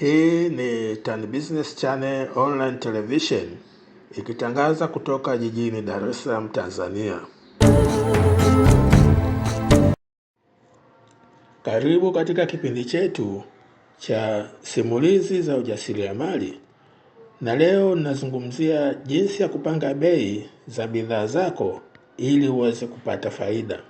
Hii ni Tan Business Channel Online Television ikitangaza kutoka jijini Dar es Salaam, Tanzania. Karibu katika kipindi chetu cha simulizi za ujasiriamali, na leo ninazungumzia jinsi ya kupanga bei za bidhaa zako ili uweze kupata faida.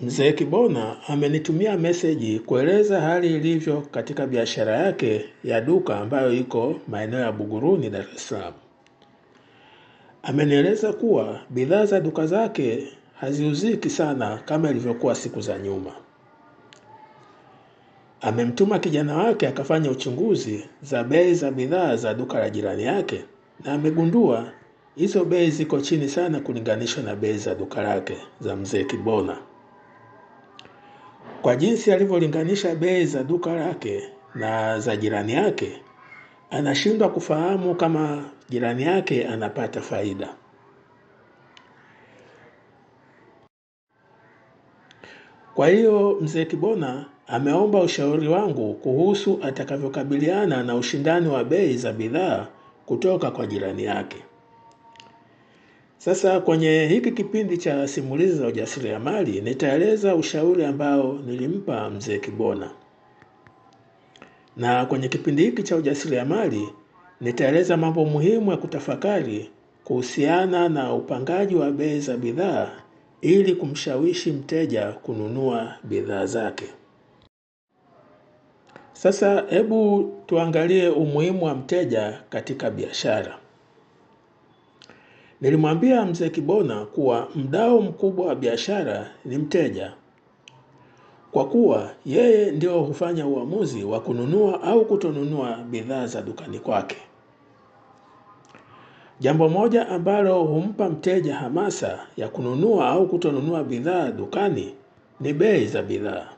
Mzee Kibona amenitumia meseji kueleza hali ilivyo katika biashara yake ya duka ambayo iko maeneo ya Buguruni, Dar es Salaam. Amenieleza kuwa bidhaa za duka zake haziuziki sana kama ilivyokuwa siku za nyuma. Amemtuma kijana wake akafanya uchunguzi za bei za bidhaa za duka la jirani yake na amegundua hizo bei ziko chini sana kulinganishwa na bei za duka lake za mzee Kibona. Kwa jinsi alivyolinganisha bei za duka lake na za jirani yake, anashindwa kufahamu kama jirani yake anapata faida. Kwa hiyo mzee Kibona ameomba ushauri wangu kuhusu atakavyokabiliana na ushindani wa bei za bidhaa kutoka kwa jirani yake. Sasa kwenye hiki kipindi cha simulizi za ujasiriamali nitaeleza ushauri ambao nilimpa mzee Kibona, na kwenye kipindi hiki cha ujasiriamali nitaeleza mambo muhimu ya kutafakari kuhusiana na upangaji wa bei za bidhaa ili kumshawishi mteja kununua bidhaa zake. Sasa hebu tuangalie umuhimu wa mteja katika biashara. Nilimwambia mzee Kibona kuwa mdau mkubwa wa biashara ni mteja, kwa kuwa yeye ndio hufanya uamuzi wa kununua au kutonunua bidhaa za dukani kwake. Jambo moja ambalo humpa mteja hamasa ya kununua au kutonunua bidhaa dukani ni bei za bidhaa.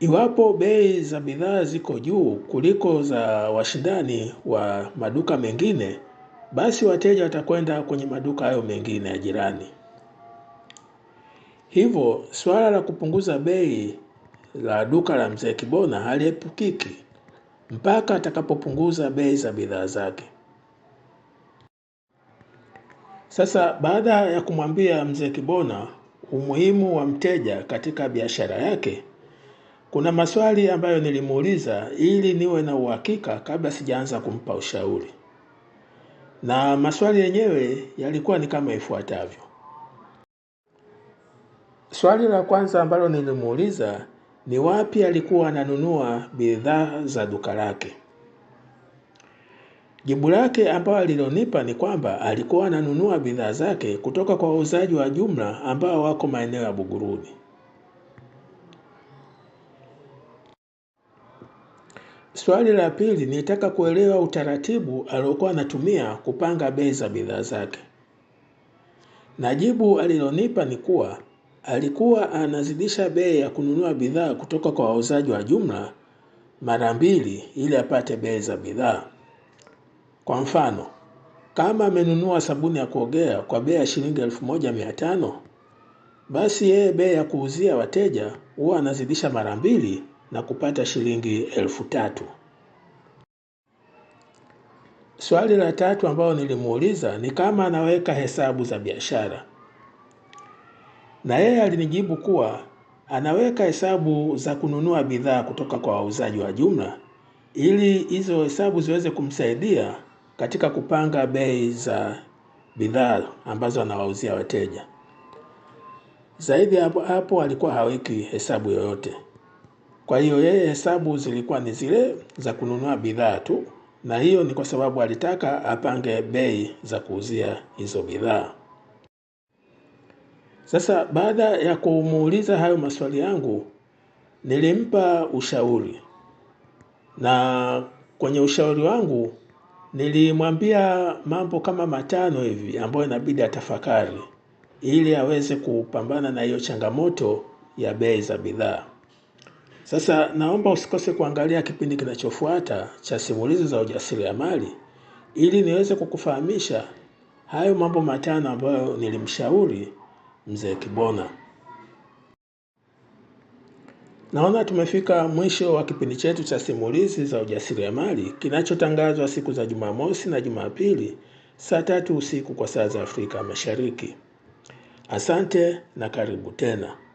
Iwapo bei za bidhaa ziko juu kuliko za washindani wa maduka mengine, basi wateja watakwenda kwenye maduka hayo mengine ya jirani. Hivyo suala la kupunguza bei la duka la mzee Kibona haliepukiki mpaka atakapopunguza bei za bidhaa zake. Sasa baada ya kumwambia mzee Kibona umuhimu wa mteja katika biashara yake, kuna maswali ambayo nilimuuliza ili niwe na uhakika kabla sijaanza kumpa ushauri na maswali yenyewe yalikuwa ni kama ifuatavyo. Swali la kwanza ambalo nilimuuliza ni wapi alikuwa ananunua bidhaa za duka lake. Jibu lake ambayo alilonipa ni kwamba alikuwa ananunua bidhaa zake kutoka kwa wauzaji wa jumla ambao wako maeneo ya Buguruni. Swali la pili, nilitaka kuelewa utaratibu aliokuwa anatumia kupanga bei za bidhaa zake, na jibu alilonipa ni kuwa alikuwa anazidisha bei ya kununua bidhaa kutoka kwa wauzaji wa jumla mara mbili ili apate bei za bidhaa. Kwa mfano, kama amenunua sabuni ya kuogea kwa bei ya shilingi elfu moja mia tano, basi yeye bei ya kuuzia wateja huwa anazidisha mara mbili na kupata shilingi elfu tatu. Swali la tatu ambayo nilimuuliza ni kama anaweka hesabu za biashara, na yeye alinijibu kuwa anaweka hesabu za kununua bidhaa kutoka kwa wauzaji wa jumla ili hizo hesabu ziweze kumsaidia katika kupanga bei za bidhaa ambazo anawauzia wateja. Zaidi hapo hapo alikuwa haweki hesabu yoyote. Kwa hiyo yeye hesabu zilikuwa ni zile za kununua bidhaa tu, na hiyo ni kwa sababu alitaka apange bei za kuuzia hizo bidhaa. Sasa baada ya kumuuliza hayo maswali yangu, nilimpa ushauri, na kwenye ushauri wangu nilimwambia mambo kama matano hivi ambayo inabidi atafakari ili aweze kupambana na hiyo changamoto ya bei za bidhaa. Sasa naomba usikose kuangalia kipindi kinachofuata cha simulizi za ujasiriamali ili niweze kukufahamisha hayo mambo matano ambayo nilimshauri mzee Kibona. Naona tumefika mwisho wa kipindi chetu cha simulizi za ujasiriamali kinachotangazwa siku za Jumamosi na Jumapili saa tatu usiku kwa saa za Afrika Mashariki. Asante na karibu tena.